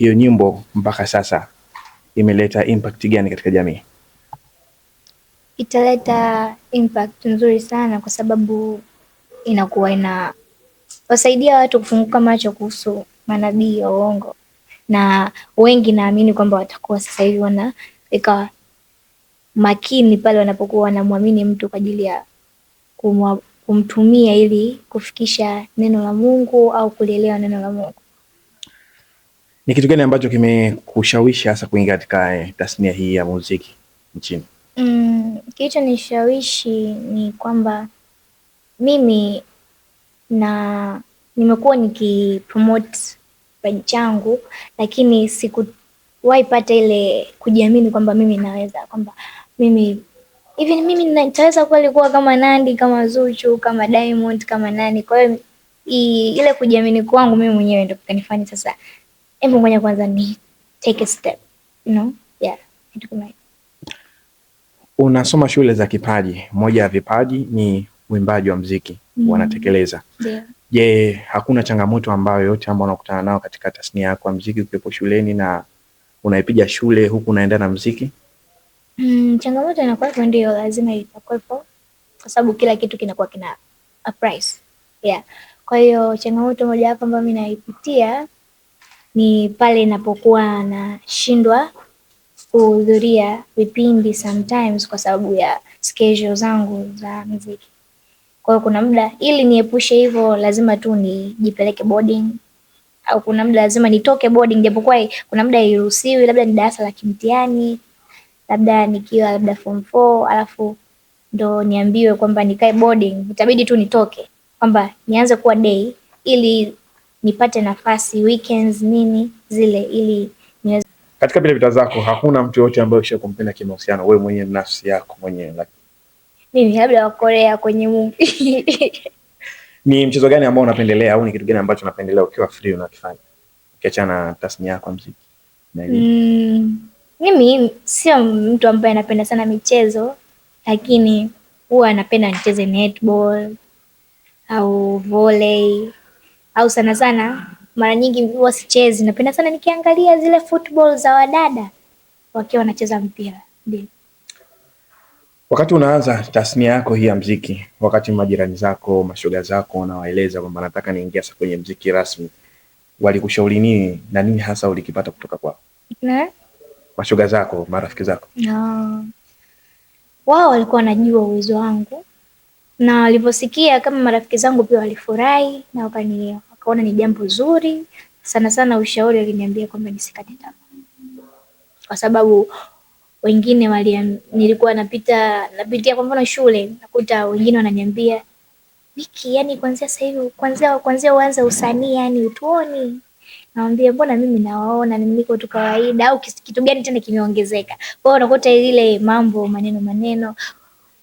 hiyo nyimbo mpaka sasa imeleta impact gani katika jamii? Italeta impact nzuri sana, kwa sababu inakuwa ina wasaidia watu kufunguka macho kuhusu manabii ya uongo, na wengi naamini kwamba watakuwa sasa hivi wanaweka makini pale wanapokuwa wanamwamini mtu kwa ajili ya kumwa, kumtumia ili kufikisha neno la Mungu au kulielewa neno la Mungu. Ni kitu gani ambacho kimekushawishi hasa kuingia katika eh, tasnia hii ya muziki nchini? Mm, nishawishi ni kwamba mimi na nimekuwa nikipromote kipaji changu, lakini sikuwahi pata ile kujiamini kwamba mimi naweza, kwamba mimi hivi mimi nitaweza kweli kuwa kama nandi kama Zuchu, kama Diamond, kama nani. Kwa hiyo ile kujiamini kwangu mimi mwenyewe ndio kanifanya sasa hebu ngoja kwanza ni take a step you know? yeah. Unasoma shule za kipaji, moja ya vipaji ni uimbaji wa mziki mm. wanatekeleza yeah. Je, hakuna changamoto ambayo yote ambao unakutana nao katika tasnia yako ya mziki ukiwepo shuleni na unaipiga shule huku unaenda na mziki? Mm, changamoto inakuwa ndio lazima itakuwepo kwa sababu kila kitu kinakuwa kina a price. Yeah. Kwa hiyo changamoto moja hapo ambayo mimi naipitia ni pale inapokuwa nashindwa kuhudhuria vipindi sometimes kwa sababu ya schedule zangu za mziki. Kwa hiyo kuna muda ili niepushe hivyo, lazima tu nijipeleke boarding au kuna muda lazima nitoke boarding, japokuwa kuna muda hairuhusiwi, labda ni darasa la kimtihani, labda nikiwa labda form 4 alafu ndo niambiwe kwamba nikae boarding, itabidi tu nitoke kwamba nianze kuwa day ili nipate nafasi weekends nini zile, ili niweze katika vile vita zako. Hakuna mtu yoyote ambaye usha kumpenda kimahusiano, wewe mwenye nafsi yako mwenyewe like... mimi labda wa Korea kwenye movie ni mchezo gani ambao unapendelea au ni kitu gani ambacho unapendelea ukiwa free unakifanya ukiacha na tasnia yako ya muziki? Mm, sio mtu ambaye anapenda sana michezo, lakini huwa anapenda nicheze netball au volley au sana sana mara nyingi huwa sichezi. Napenda sana nikiangalia zile football za wadada wakiwa wanacheza mpira. Ndio. Wakati unaanza tasnia yako hii ya mziki, wakati majirani zako, mashoga zako unawaeleza kwamba nataka niingia sasa kwenye mziki rasmi, walikushauri nini na nini hasa ulikipata kutoka kwao? Mashoga zako, marafiki zako? No. Wao walikuwa wanajua uwezo wangu na walivyosikia kama marafiki zangu pia walifurahi na wakani wakaona ni jambo zuri sana sana. Ushauri aliniambia kwamba nisikate tamaa, kwa sababu wengine wali, nilikuwa napita napitia kwa mfano shule, nakuta wengine wananiambia Miki, yani kuanzia sasa hivi, kuanzia kuanzia uanze usanii, yani utuoni Naambia mbona mimi nawaona mimi niko tu kawaida, au kitu gani tena kimeongezeka? Kwa hiyo unakuta ile mambo maneno maneno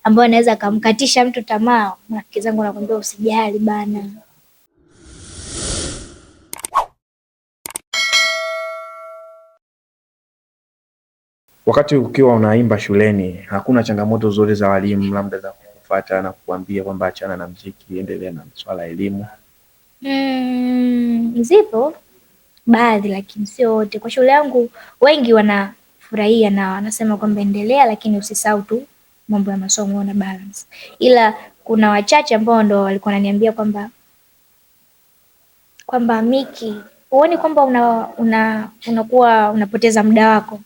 ambayo anaweza akamkatisha mtu tamaa. Marafiki zangu nakwambia, usijali bana. Wakati ukiwa unaimba shuleni, hakuna changamoto zote za walimu labda za kufuata na kukuambia kwamba achana na mziki, endelea na swala ya elimu? Mm, zipo baadhi, lakini sio wote. Kwa shule yangu wengi wanafurahia na wanasema kwamba endelea, lakini usisahau tu mambo ya masomo na balance, ila kuna wachache ambao ndo walikuwa wananiambia kwamba kwamba Miki, huoni kwamba una, una, unakuwa unapoteza muda wako,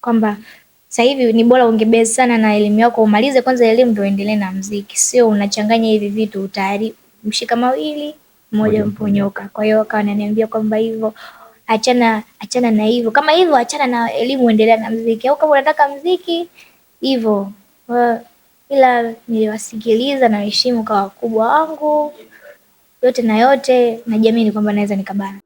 kwamba sasa hivi ni bora ungebezi sana na elimu yako umalize kwanza elimu ndio uendelee na mziki, sio unachanganya hivi vitu, utayari mshika mawili mmoja mponyoka. Kwa hiyo akawa ananiambia kwamba hivyo achana, achana na hivyo, kama hivyo achana na elimu, endelea na mziki, au kama unataka mziki hivyo ila niliwasikiliza na nawaheshimu kwa wakubwa wangu, yote na yote najiamini kwamba naweza nikabana.